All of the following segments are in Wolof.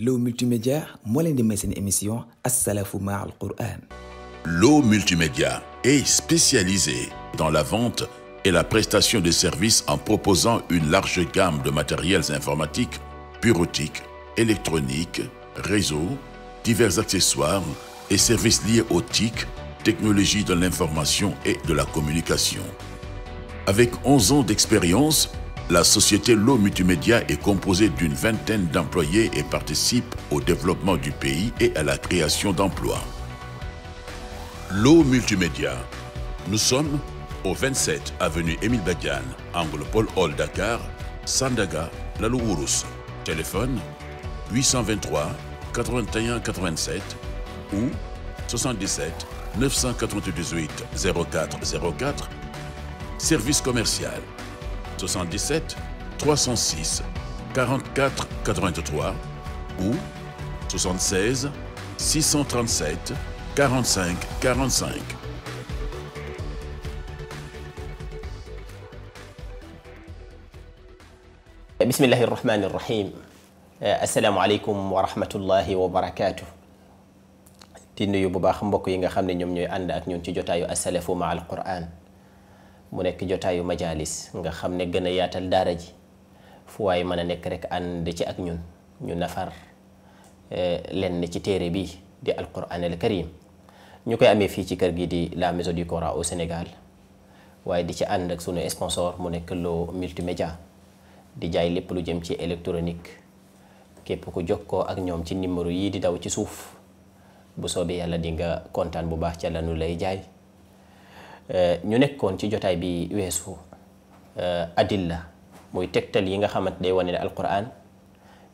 L'eau multimédia Qur'an. L'eau multimédia est spécialisée dans la vente et la prestation de services en proposant une large gamme de matériels informatiques, bureautiques, électroniques, réseaux, divers accessoires et services liés aux TIC, technologies de l'information et de la communication. Avec 11 ans d'expérience, la société L'eau Multimédia est composée d'une vingtaine d'employés et participe au développement du pays et à la création d'emplois. L'eau Multimédia. Nous sommes au 27 avenue Émile Badian, angle Paul Hall Dakar, Sandaga, Lalouourous. Téléphone 823 81 87 ou 77 998 04 04. Service commercial 77 306 44 83 ou 76 637 45 45. بسم الله الرحمن الرحيم السلام عليكم ورحمة الله وبركاته تنو يبو باخم ينغا خمني نيوم نيو أندا أك نيوم تجوتا يو السلف مع القرآن mu nekk jotaayu majalis nga xam ne gën a yaatal daara ji fu waaye mën a nekk rek ànd ci ak ñun ñu nafar eh, lenn ci téere bi di alquran al karim ñu koy amee fii ci kër gi di la maison du Coran au Sénégal waaye di ci ànd ak sunu sponsor mu nekk loo multimédia di jaay lépp lu jëm ci électronique képp ku jokkoo ak ñoom ci numéro yii di daw ci suuf bu soobee yàlla di nga kontaan bu baax ca lanu lay jaay ñu nekkon ci jotay bi weesu adilla moy tektal yi nga xamant day wone alquran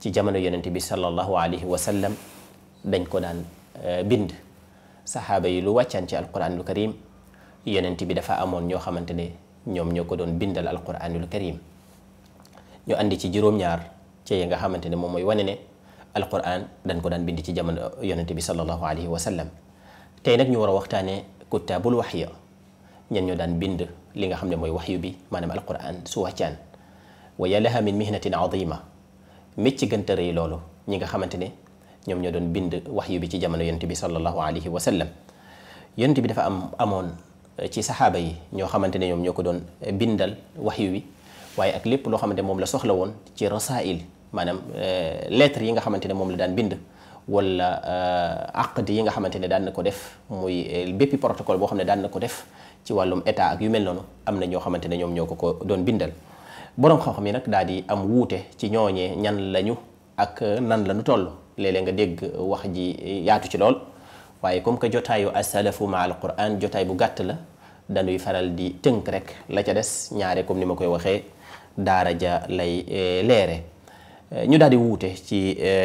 ci jamono yonente bi sallallahu alayhi wa sallam dañ ko dan bind sahaba yi lu waccan ci alquranul karim yonente bi dafa amon ño xamantene ñom ñoom ko doon bindal alquranul karim ñu andi ci juróom-ñaar ci yi nga xamantene mom moy wone ne alquran dañ ko dan bind ci jamono yonente bi sallallahu alayhi wa sallam tay nak ñu wara waxtane kutabul wahya ñen ñoo daan bind li nga xam ne mooy waxyu bi maanaam alquran su wàccaan wa ya laha min mihnatin adima mécc gënta rëy loolu ñi nga xamante ne ñoom ñoo doon bind waxyu bi ci jamono yonent bi sallallahu alayhi wa sallam yonent bi dafa am amoon ci saxaaba yi ñoo xamante ne ñoom ñoo ko doon bindal waxyu bi waaye ak lépp loo xamante ne moom la soxla woon ci rasail maanaam lettre yi nga xamante ne moom la daan bind wala aqd yi nga xamante ne daan na ko def muy bépp protocole boo xam ne daan na ko def ci walum état ak yu mel nonu amna ño ñoo ñom ñoko ko doon bindal borom xam-xam yi nag am wuté ci ñoñe ñan lañu ak nan lañu ñu toll leeg nga dégg wax ji yaatu ci lool waye comme que as-salafu ma qur'an jotay bu gàtt la dañuy faral di teunk rek la ca dess ñaare comme nima koy waxé dara ja lay léré ñu daldi wuté ci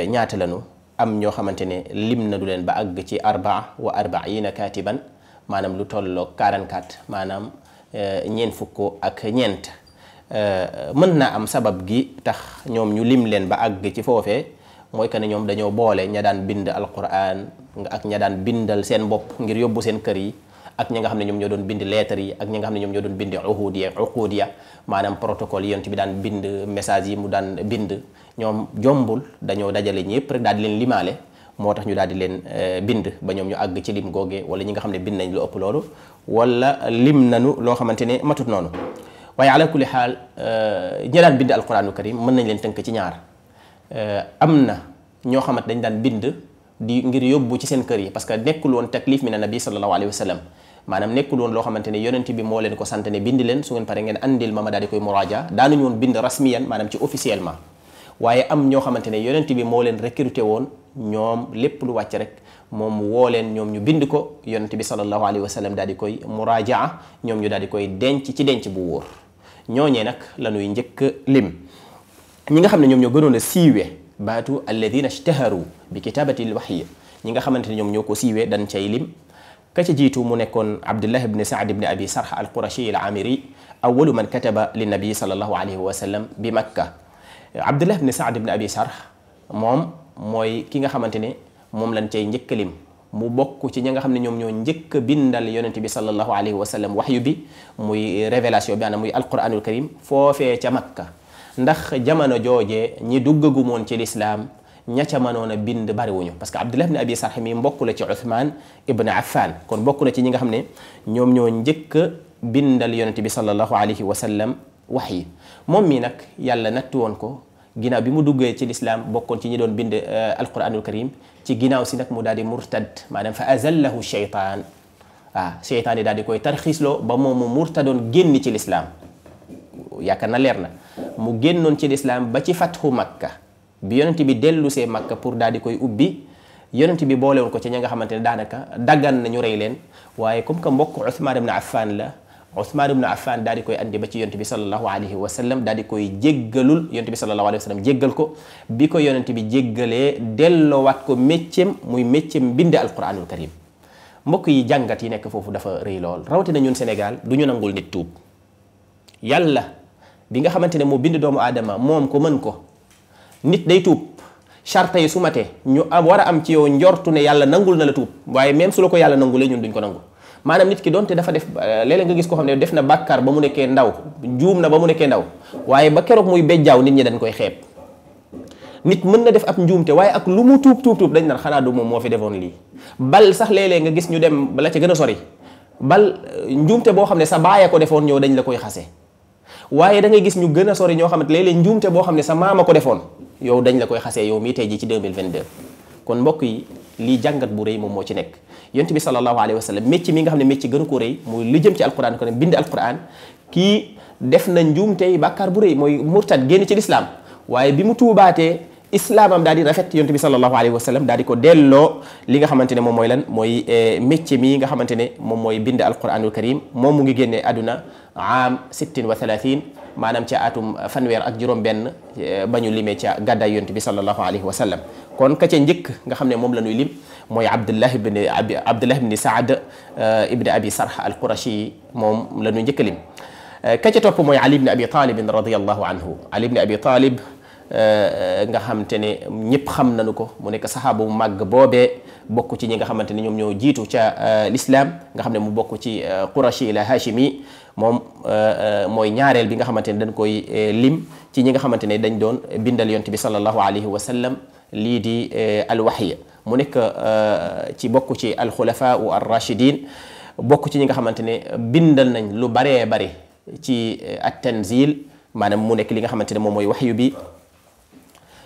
ñaata lañu am ño xamantene limna du len ba ag ci arbaa wa arbaina katiban maanaam lu tolloo 44 maanaam eh, ñeen fukk ak ñeent eh, mën naa am sabab gi tax ñoom ñu lim leen ba àgg ci foofe mooy que ne ñoom dañoo boole ña daan bind alquran ak ña daan bindal seen bopp ngir yóbbu seen kër yi ak ñi nga xam ne ñoom ñoo doon bind lettre yi ak ñi nga xam ne ñoom ñoo doon bind uhud ya uqud ya maanaam protocole yonent bi daan bind message yi mu daan bind ñoom jombul dañoo dajale ñëpp rek daal di leen limaale moo tax ñu daal di leen euh, bind ba ñoom ñu àgg ci lim googee wala ñi nga xam ne bind nañ lu ëpp loolu wala lim nanu loo xamante ne matut noonu waaye ala kulli xaal euh, ñi daan bind alquranul karim mën nañ leen tënk ci ñaar euh, am na ñoo xamante ci seen kër yi parce que nekkul woon taklif loo xamante ne yonent bi moo leen ko sant ne bind leen su ngeen pare ngeen andil ma ma daal di koy muraaja daanuñu woon bind rasmiyan maanaam ci officiellement waaye am ñoo xamante ne yonent bi moo leen recruté woon ñom lépp lu wàcc rek mom wo len ñom ñu bind ko yonnati bi sallallahu alayhi wa sallam daal di koy murajaa ñom ñu daal di koy denc ci denc bu wóor ñoñe nak lañuy ñeek lim ñi nga xamne ñom ñoo gënon na siwe batu alladhina ishtaharu bi kitabati alwahy ñi nga xamante ñom ñoo ko dañ cey lim ka ci jitu mu nekkon abdullah ibn sa'd ibn abi sarh al alamiri awwal amiri man kataba li nabi sallallahu alayhi wa sallam bi makka abdullah ibn saad ibni abi sarh mom mooy ki nga xamante ne moom lañ cay njëkkalim mu bokk ci ñi nga xam ne ñoom ñoo njëkk a bindal yonent bi sallallahu alayhi wa sallam waxyu bi muy révélation bi ana muy alquranul karim foofee ca makka ndax jamono joojee ñi duggagu moon ci lislaam ña ca mënoon a bind bariwuñu parce que abdullah ibn abi sarh mi mbokk la ci uthman ibn affan kon bokk na ci ñi nga xam ne ñoom ñoo njëkk a bindal yonent bi sallallahu alayhi wa sallam wax yi moom mii nag yàlla nattu woon ko ginnaaw bi mu duggee ci lislaam bokkoon ci ñi doon bind euh, alquranul karim ci ginnaaw si nag mu daal di murtad maanaam fa azallahu cheytaan waaw cheytaan yi daal di koy tarxiisloo ba moom mu murtadoon génn ci lislaam yaakaar na leer na mu génnoon ci lislaam ba ci fatxu makka bi yonent bi dellu see makka pour daal di koy ubbi yonent bi boolewoon ko ci ña nga xamante ne daanaka daggan nañu rey leen waaye comme que mbokk Ousmane ibn Affan la Ousmane ibnu Affan daal di koy andi ba ci yonent bi sallallahu alayhi wa sallam daal di koy jéggalul yonent bi sallallahu alayhi wa sallam jéggal ko bi ko yonent bi jéggalee delloowaat ko mécceem muy mécceem mbind alquranul karim mbokk yi jàngat yi nekk foofu dafa rëy lool rawatina ñun Sénégal du ñu nangul nit tuub yàlla bi nga xamante ne moo bind doomu aadama moom ko mën ko nit day tuub charte yi su matee ñu am war am ci yow njortu ne yàlla nangul na la tuub waaye même su la ko yàlla nangulee ñun duñ ko nangu maanaam nit ki donte dafa def euh, léeg-léeg nga gis ko xam ne def na bàkkaar ba mu nekkee ndaw juum na ba mu nekkee ndaw waaye ba keroog muy bejjaaw nit ñi dañ koy xeeb nit mën na def ab njuumte waaye ak lu mu tuub dañ naan xanaa moom moo fi defoon lii bal sax léeg nga gis ñu dem bala ca gën a sori bal euh, njuumte boo xam ne sa baaya ko defoon ñëw dañ la koy xase waaye da ngay gis ñu gën a sori ñoo xam ne léeg njuumte boo xam ne sa maama ko defoon yow dañ la koy xasee yow mi tey ji ci 2022 kon mbokk yi lii jàngat bu rëy moom moo ci nekk yonent bi sallallahu alayhi wa sallam mécc mi nga xam ne mécc gënu ko rëy muy lu jëm ci alquran ko ne bind alquran kii def na njuum tey bàkkaar bu rëy mooy murtad génn ci lislaam waaye bi mu tuubaatee islaamam daal di rafet yonent bi sallallahu alayhi wa sallam daal di ko delloo li nga xamante ne moom mooy lan mooy eh, mécc mi nga xamante ne moom mooy bind alquranul karim moom mu ngi génnee àdduna am sittin wa manam ci atum fanwer ak juroom ben bañu limé ci gadda gàddaay bi sallallahu alayhi wa sallam kon ka ci ndik nga xamne mom lañuy lim moy Abdullah ibn Abdullah ibn sa'd ibn Abi Sarh al Qurashi mom lañu ndik lim ka ci top moy Ali ibn Abi Talib radiyallahu anhu Ali ibn Abi Talib nga xam te ñëpp xam nañu ko mu nek saxaaba mu màgg boobee. bokk ci ñi nga xamante ni ñoom ñoo jiitu ca euh, l'islam nga xam ne mu bokk ci euh, qurashi ila hashimi moom euh, mooy ñaareel bi nga xamante ne dañ koy lim ci ñi nga xamante ne dañ doon bindal yonent bi sallallahu alayhi wa sallam lii di alwaxya mu nekk ci bokk ci alxulafa u arrachidin bokk ci ñi nga xamante ne bindal nañ lu baree bare ci at tanzil maanaam mu nekk li nga xamante ne moom mooy waxyu bi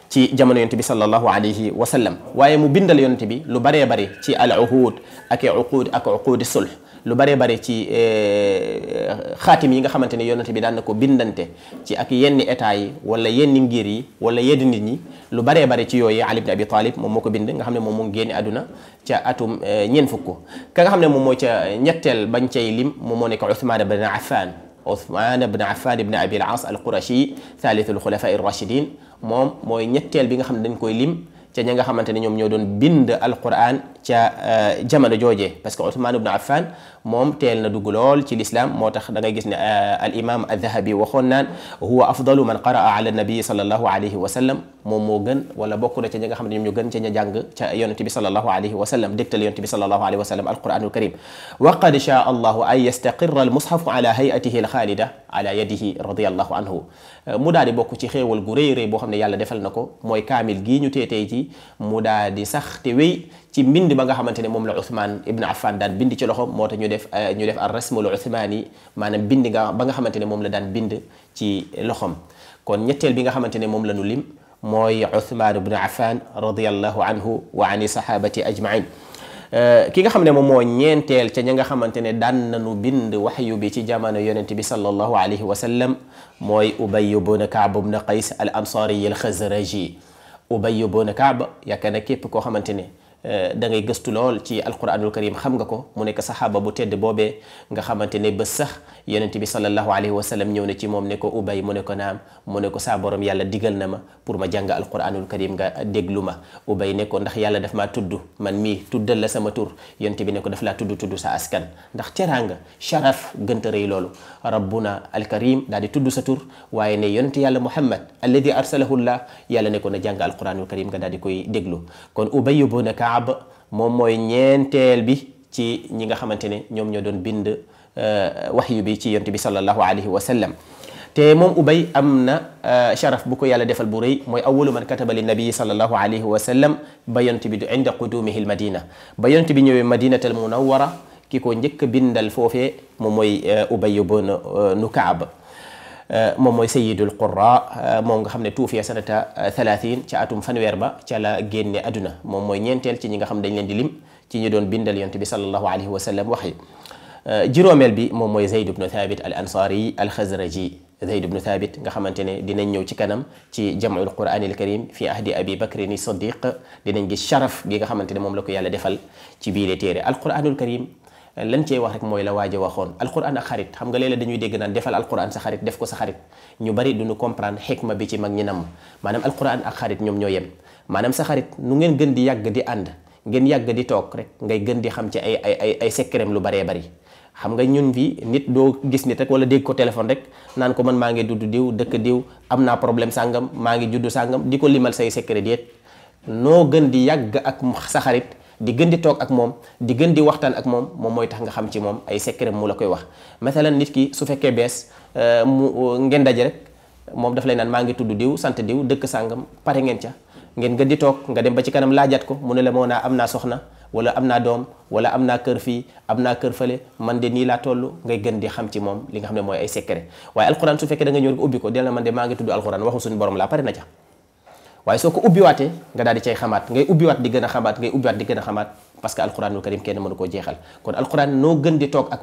ci jamono yonte bi sallallahu alayhi wa sallam waaye mu bindal yonte bi lu baree bare ci al uhud ak uqud ak uqudi sulh lu baree bare ci eh, xaatim yi nga xamante ne yonente bi daan na ko bindante ci ak yenn état yi wala yenn ngir yi wala yenn nit ñi lu bare bare ci yooyu Ali ibn Abi Talib moom moo ko bind nga xam ne moom mu ngi génn àdduna ca atum eh, ñeent fukk ka nga xam ne moom moo ca ñetteel bañ cay lim moom moo nekk Ousmane ibn Affan Ousmane ibn Affan ibn Abi al-As al-Qurashi thalith al-khulafa ar-rashidin moom mooy ñetteel bi nga xam ne dañ koy lim ca ña nga xamante ne ñoom ñoo doon bind alquran ca jamono jooje parce que Ousmane ibnu Affan moom teel na dugg lool ci lislaam moo tax da ngay gis ne al imam al-Dhahabi waxoon naan huwa afdalu man qaraa ala nabi sallallahu alayhi wa sallam moom moo gën wala bokk na ca ñi nga xam ne ñoom ñu gën ca ña jàng ca yonente bi sallallahu alayhi wa sallam dégtal yonente bi sallallahu alayhi wa sallam alquranul karim wa qad shaa allahu an yastaqirra almushafu ala hayatihi alxaalida ala yadihi radiallahu anhu mu daal di bokk ci xéewal gu rëy rëy boo xam ne yàlla defal na ko mooy kaamil gii ñu teetey ji mu daal di sax te wéy ci mbind ba nga xamantene mom la Ousmane Ibn Affan daan bind ci loxom mota ñu def ñu def ar rasmul Ousmani manam bind nga ba nga xamantene mom la daan bind ci loxom kon ñettel bi nga xamantene mom la ñu lim moy Ousmane Ibn Affan radiyallahu anhu wa ani sahabati ajmain ki nga xamne mom mo ñentel ci nga xamantene ne daan nañu bind wahyu bi ci jamono yonent bi sallallahu alayhi wa sallam moy Ubay ibn ka'b ibn qais al Ansari al khazraji Ubay ibn ka'b yakana kep ko xamantene da ngay gëstu lool ci alquranul karim xam nga ko mu nekk sahaba bu tedd boobee nga xamantene ne sax yonent bi sallallahu alayhi wa sallam ñëw na ci mom ne ko ubay mu ne ko naam mu ne ko sa borom yàlla digal na ma pour ma jàng alquranul karim nga degluma ubay ne ko ndax yàlla daf ma tudd man mi tuddal la sama tour yonent bi ne ko daf la tudd tudd sa askan ndax teraanga sharaf gënta reey loolu rabbuna alkarim dal di tudd sa tour waye ne yonent yàlla muhammad arsalahu arsalahullah yàlla ne ko na jàng alquranul karim nga dal di koy déglu kon ubay bu naka العرب مموي نينتيل بي تي نيغا خامتيني نيوم نيو دون بيند وحي بي تي يونتبي صلى الله عليه وسلم تي موم ابي امنا شرف بوكو يالا ديفال بوري موي اول من كتب للنبي صلى الله عليه وسلم بيونتبي عند قدومه المدينه بيونتبي نيوي المدينه المنوره كيكو نيك بيندال فوفي موموي ابي بن نكعب Eh, moom mooy sayidul qurra eh, moom nga xam ne tuufiya sanata 30 eh, ca atum fanweer ba ca la génne àdduna moom mooy ñeenteel ci ñi nga xam dañ leen di lim ci ñu doon bindal yonent bi sallallahu alayhi wa sallam wax yi juróomeel bi moom mooy zayd ibnu thabit al ansari al xazraji zayd ibnu thabit nga xamante ne dinañ ñëw ci kanam ci jamul quran al karim fi ahdi abi bakrin siddiq dinañ gis sharaf gi nga xamante ne moom la ko yàlla defal ci biir téere al quranul lan ci wax rek moy la waji waxone alquran ak kharit xam nga leele dañuy deg nan defal alquran sa kharit def ko sa kharit ñu bari duñu comprendre hikma bi ci mag ñi nam manam alquran ak kharit ñom ñoyem yem sa kharit nu ngeen gën di yag di and ngeen yag di tok rek ngay gën di xam ci ay ay ay ay secretem lu bare bari xam nga ñun bi nit do gis nit rek wala deg ko telephone rek nan ko man ma ngi dudd diw dekk diw amna problème sangam ma ngi judd sangam di limal say secret déet no gën di yag ak sa kharit di gën di toog ak moom di gën di waxtaan ak moom moom mooy tax nga xam ci moom ay secret mu la koy wax mathalan nit ki su fekkee bees euh, mu euh, ngeen daje rek moom daf lay naan ngi tudd diw sant diw dëkk sàngam pare ngeen ca ngeen gën di toog nga dem ba ci kanam laajaat ko mu ne la moo naa am naa soxna wala am naa doom wala am naa kër fii am naa kër fële man de nii laa toll ngay gën di xam ci moom li nga xam ne mooy ay secret waaye alxuraan su fekkee da nga ñëw ubbi ko dina la man de maa ngi tudd alxuraan waxu suñu borom laa pare na ca waaye soo ko ubbiwaatee nga daal di cay xamaat ngay ubbiwaat di a xamaat ngay di gën a xamaat parce que alquranul karim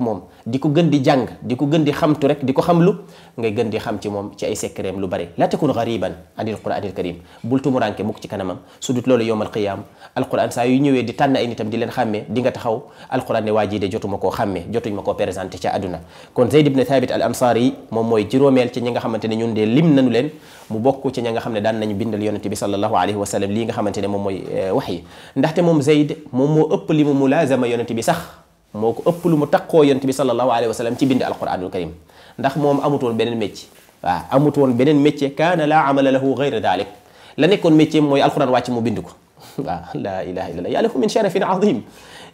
moom di ko gën di jàng di ko gën xamtu rek di ko xam lu ngay gën di xam ci moom ci ay secret lu bari la takun ghariban anil quranil karim bul tumuranke mukk ci kanamam su dut loolu yowmal qiyam alquran saa yu ñëwee di tànn ay nitam di leen xàmmee di nga taxaw alquran ne waa de jotuma koo xàmmee jotuñ ma ko présenté ca àdduna kon Zayd moom mooy juróomeel ci nga xamante ne ñun de mu bokk ci ña nga xam ne daan nañu bindal yonente bi sallallahu alayhi wa sallam lii nga xamante ne moom mooy eh, wax ndaxte moom Zayd moom moo ëpp li mu mulaazama yonente bi sax moo ko ëpp lu mu takkoo yonente bi sax alayhi wa sallam ci bind alquranul karim ndax moom amutoon beneen métier waaw amutoon beneen métier kaana laa amala lahu gayra dalik la nekkoon métier mooy alquran wàcc mu bind ko waaw laa ilaha illallah yaa lahu min sharafin azim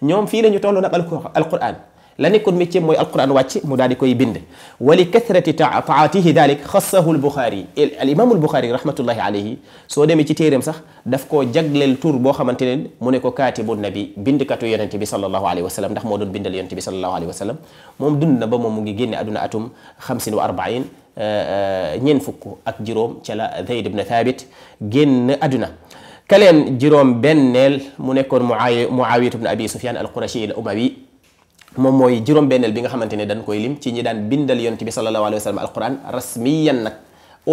ñoom fii la ñu toll nag alquran la nekkoon métier mooy alquran wàcc mu daal di koy bind wa li kathrati taatihi dalik xassahu albuxaari al imaamu albuxaari rahmatullahi alayhi soo demee ci téeréem sax daf koo jagleel tur boo xamante ne mu ne ko kaatibu nabi bindkatu yonente bi sallallahu alayhi wa sallam ndax moo doon bindal yonente bi sallallahu alayhi wa sallam moom dund na ba moom mu ngi génne aduna atum xamsin wa arbain ñeen fukk ak juróom ca la Zayd ibn Thabit génn aduna kaleen juróom benneel mu nekkoon Muawiya ibn Abi Sufyan al Qurashi al Umawi moom mooy juróom-benneel bi nga xamante ne dañ koy lim ci ñi daan bindal yonent bi sallallahu alayhi wa sallam alquran rasmiyan nag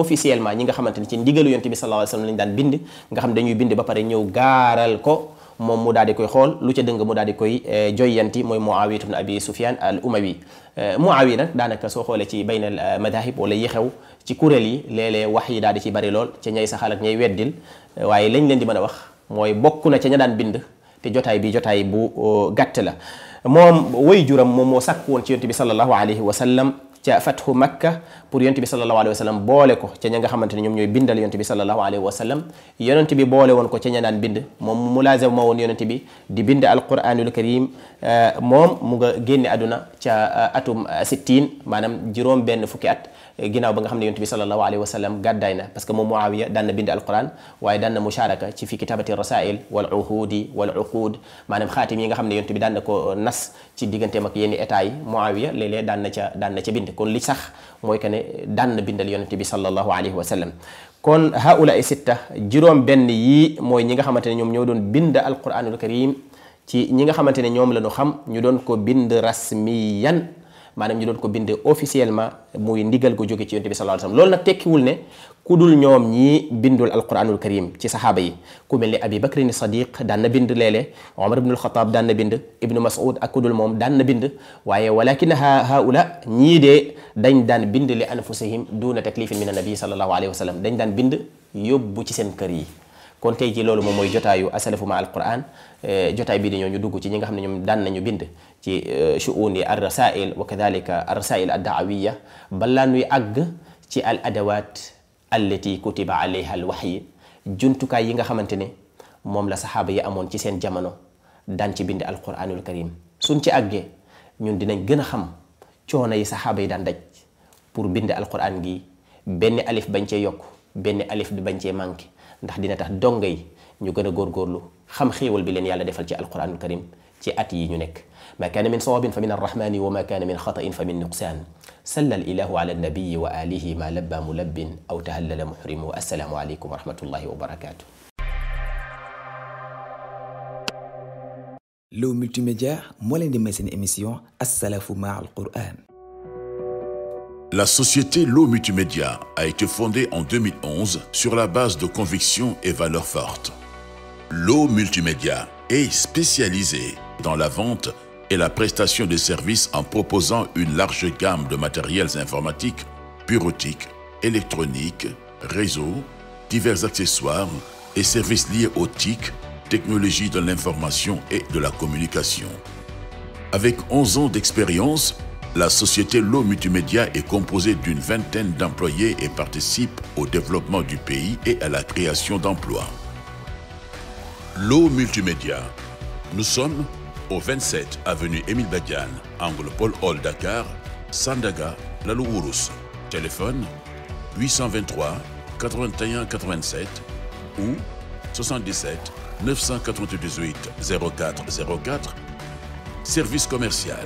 officiellement ñi nga xamante ne ci ndigalu yonent bi sallallahu alayhi wa sallam lañu daan bind nga xam dañuy bind ba pare ñëw gaaral moom mu daal di koy xool lu ca dëng mu daal di koy eh, joyyanti mooy Muawiya ibn Abi Sufyan al Umawi eh, Muawiya nag daanaka soo xoolee ci baynal eh, madahib wala yi xew ci kuréel yi léeg wax yi daal di ci bari lool ca ñay saxal ak ñay weddil waaye lañ leen di mën a wax mooy bokk na ca ña daan bind te jotaay bi jotaay bu oh, gàtte la moom woy juram moom moo sàkk woon ci yonent bi sallallahu alayhi wa sallam ca fathu makka pour yonent bi sallallahu alayhi wa sallam boole ko ca ña nga xamante ne ñoom ñooy bindal yonent bi sallallahu alayhi wa sallam yonent bi boole woon ko ca ña bind moom mulaazam ma woon yonent bi di bind alquranul karim eh, moom muga nga génne aduna ca eh, atum eh, sittiin maanaam juróom benn fukki at ginnaaw ba nga xam ne yonent bi sallallahu alayhi wa sallam gàddaay na parce que moom Muawiya daan bind alquran waaye daan na ci fi kitabati rasail wal uhudi wal uqud maanaam xaatim nga xam ne yonent bi daan na ko nas ci digganteem ak yenn état yi Muawiya léeg-léeg daan na ca daan na ca bind kon li sax mooy que ne daan na bindal yonent bi sallallahu alayhi wa sallam kon haula sitta juróom benn yii mooy ñi nga xamante ne ñoom ñoo doon bind alquranul karim ci ñi xamante ne ñoom la ñu xam ñu doon ko bind rasmiyan manam ñu doon ko binde officiellement muy ndigal gu joggé ci yëne bi sallallahu alayhi wasallam lool nag tekkiwul ne kudul ñom ñi bindul alquranul karim ci sahaba yi ku melni ni abi bakrin sadiq daan na bind léeg-léeg omar ibnul xataab daan na bind ibnu mas'ud ak ku dul moom na bind waaye walakin haula ñii de dañ daan bind li anfusihim duna taklifin min annabi sallallahu alayhi wasallam dañ daan bind yóbbu ci seen kër yi kon tay ji loolu mom moy jotaayu asalafu ma alquran jotaay bi di ñu dugg ci ñi nga xamne ne ñoom daan nañu bind ci shuuni ar rasail wa kadhalika ar rasail ad daawiya balaa nuy ci al adawat allati kutiba alayha al waxyi juntukaay yi nga xamantene mom la sahaba yi amon ci seen jamono daan ci bind alquranul karim suñ ci agge ñun dinañ gëna xam coono yi sahaba yi daan daj pour bind alquran gi ben alif bañ ci yok ben alif du bañ ci manki ndax dina tax dongay ñu gëna gor gorlu xam xéewal bi leen yàlla defal ci alquran karim ci at yi ñu nek ma kana min sawabin fa min arrahmani wa ma kana min khata'in fa min nuqsaan salla al ilahu ala annabiyi wa alihi ma labba mulabbin aw tahallala muhrimu assalaamu aleykum wa rahmatullahi wa barakatuh L'eau multimédia moo leen di may seen émission Assalafou Mahal La société L'eau Multimédia a été fondée en 2011 sur la base de convictions et valeurs fortes. L'eau Multimédia est spécialisée dans la vente et la prestation des services en proposant une large gamme de matériels informatiques, bureautiques, électroniques, réseaux, divers accessoires et services liés aux TIC, technologies de l'information et de la communication. Avec 11 ans d'expérience, la société L'eau Multimédia est composée d'une vingtaine d'employés et participe au développement du pays et à la création d'emplois. L'eau Multimédia. Nous sommes au 27 avenue Émile Badian, angle Paul Hall Dakar, Sandaga, Lalouourous. Téléphone 823 81 87 ou 77 998 04 04. Service commercial